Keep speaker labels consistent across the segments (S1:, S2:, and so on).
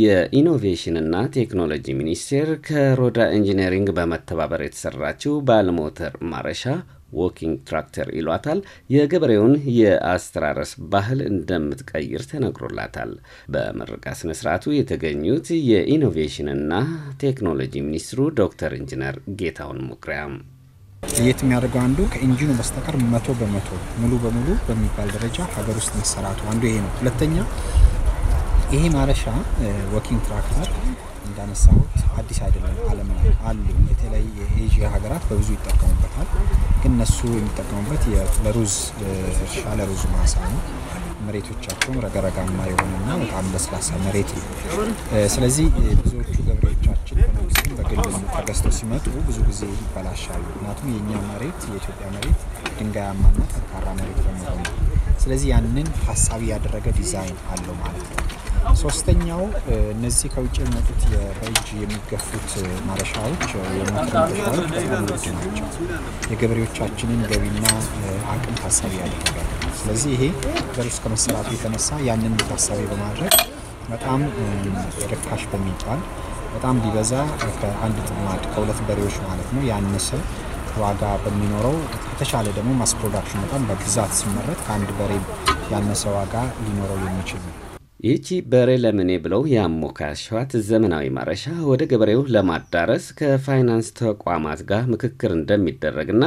S1: የኢኖቬሽንና ቴክኖሎጂ ሚኒስቴር ከሮዳ ኢንጂነሪንግ በመተባበር የተሰራችው ባለሞተር ማረሻ ዎኪንግ ትራክተር ይሏታል። የገበሬውን የአስተራረስ ባህል እንደምትቀይር ተነግሮላታል። በምረቃ ስነ ስርዓቱ የተገኙት የኢኖቬሽንና ቴክኖሎጂ ሚኒስትሩ ዶክተር ኢንጂነር ጌታሁን ሙክሪያም
S2: ለየት የሚያደርገው አንዱ ከኢንጂኑ በስተቀር መቶ በመቶ ሙሉ በሙሉ በሚባል ደረጃ ሀገር ውስጥ መሰራቱ አንዱ ይሄ ነው። ሁለተኛ ይሄ ማረሻ ወኪንግ ትራክተር እንዳነሳሁት አዲስ አይደለም። ዓለም ላይ አሉ የተለያዩ የኤዥያ ሀገራት በብዙ ይጠቀሙበታል። ግን እነሱ የሚጠቀሙበት ለሩዝ እርሻ ለሩዝ ማሳ ነው። መሬቶቻቸውም ረገረጋማ የሆነና በጣም ለስላሳ መሬት ነው። ስለዚህ ብዙዎቹ ገበሬዎቻችን በመንግስትም በግል ተገዝተው ሲመጡ ብዙ ጊዜ ይበላሻሉ። ምክንያቱም የእኛ መሬት የኢትዮጵያ መሬት ድንጋያማና ጠንካራ መሬት በመሆኑ ስለዚህ ያንን ሀሳቢ ያደረገ ዲዛይን አለው ማለት ነው። ሶስተኛው እነዚህ ከውጭ የሚመጡት በእጅ የሚገፉት ማረሻዎች ናቸው። የገበሬዎቻችንን ገቢና አቅም ታሳቢ ያደርጋል። ስለዚህ ይሄ ገር ውስጥ ከመሰራቱ የተነሳ ያንን ታሳቢ በማድረግ በጣም ርካሽ በሚባል በጣም ቢበዛ ከአንድ ጥማድ ከሁለት በሬዎች ማለት ነው ያነሰ ዋጋ በሚኖረው ከተቻለ ደግሞ ማስ ፕሮዳክሽን በጣም በብዛት ሲመረት ከአንድ በሬ ያነሰ ዋጋ ሊኖረው የሚችል ነው።
S1: ይቺ በሬ ለምኔ ብለው ያሞካሸዋት ዘመናዊ ማረሻ ወደ ገበሬው ለማዳረስ ከፋይናንስ ተቋማት ጋር ምክክር እንደሚደረግና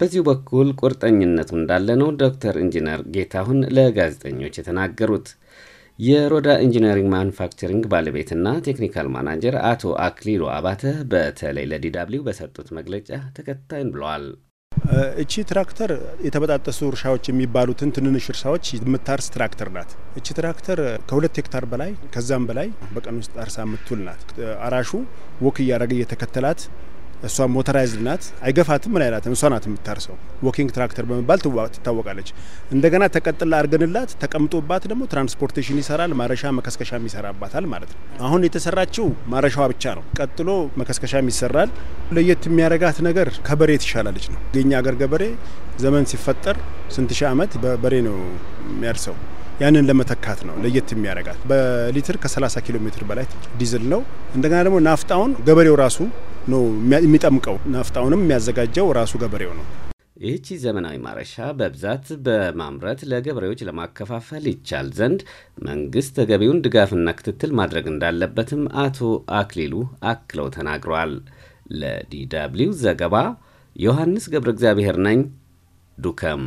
S1: በዚሁ በኩል ቁርጠኝነቱ እንዳለ ነው ዶክተር ኢንጂነር ጌታሁን ለጋዜጠኞች የተናገሩት። የሮዳ ኢንጂነሪንግ ማኑፋክቸሪንግ ባለቤትና ቴክኒካል ማናጀር አቶ አክሊሉ አባተ በተለይ ለዲዳብሊው በሰጡት መግለጫ ተከታይን ብለዋል።
S3: እቺ ትራክተር የተበጣጠሱ እርሻዎች የሚባሉትን ትንንሽ እርሻዎች የምታርስ ትራክተር ናት። እቺ ትራክተር ከሁለት ሄክታር በላይ ከዛም በላይ በቀን ውስጥ አርሳ የምትውል ናት። አራሹ ወክ እያደረገ እየተከተላት እሷ ሞተራይዝድ ናት፣ አይገፋትም፣ ምን አይላትም። እሷ ናት የምታርሰው። ዎኪንግ ትራክተር በመባል ትታወቃለች። እንደገና ተቀጥላ አድርገንላት ተቀምጦባት ደግሞ ትራንስፖርቴሽን ይሰራል፣ ማረሻ መከስከሻም ይሰራባታል ማለት ነው። አሁን የተሰራችው ማረሻዋ ብቻ ነው። ቀጥሎ መከስከሻም ይሰራል። ለየት የሚያደርጋት ነገር ከበሬ ትሻላለች ነው። የኛ አገር ገበሬ ዘመን ሲፈጠር ስንት ሺህ ዓመት በበሬ ነው የሚያርሰው ያንን ለመተካት ነው ለየት የሚያደርጋት። በሊትር ከ30 ኪሎ ሜትር በላይ ዲዝል ነው። እንደገና ደግሞ ናፍጣውን ገበሬው ራሱ ነው የሚጠምቀው። ናፍጣውንም የሚያዘጋጀው ራሱ ገበሬው ነው።
S1: ይህቺ ዘመናዊ ማረሻ በብዛት በማምረት ለገበሬዎች ለማከፋፈል ይቻል ዘንድ መንግስት ተገቢውን ድጋፍና ክትትል ማድረግ እንዳለበትም አቶ አክሊሉ አክለው ተናግረዋል። ለዲ ደብልዩ ዘገባ ዮሐንስ ገብረ እግዚአብሔር ነኝ ዱከም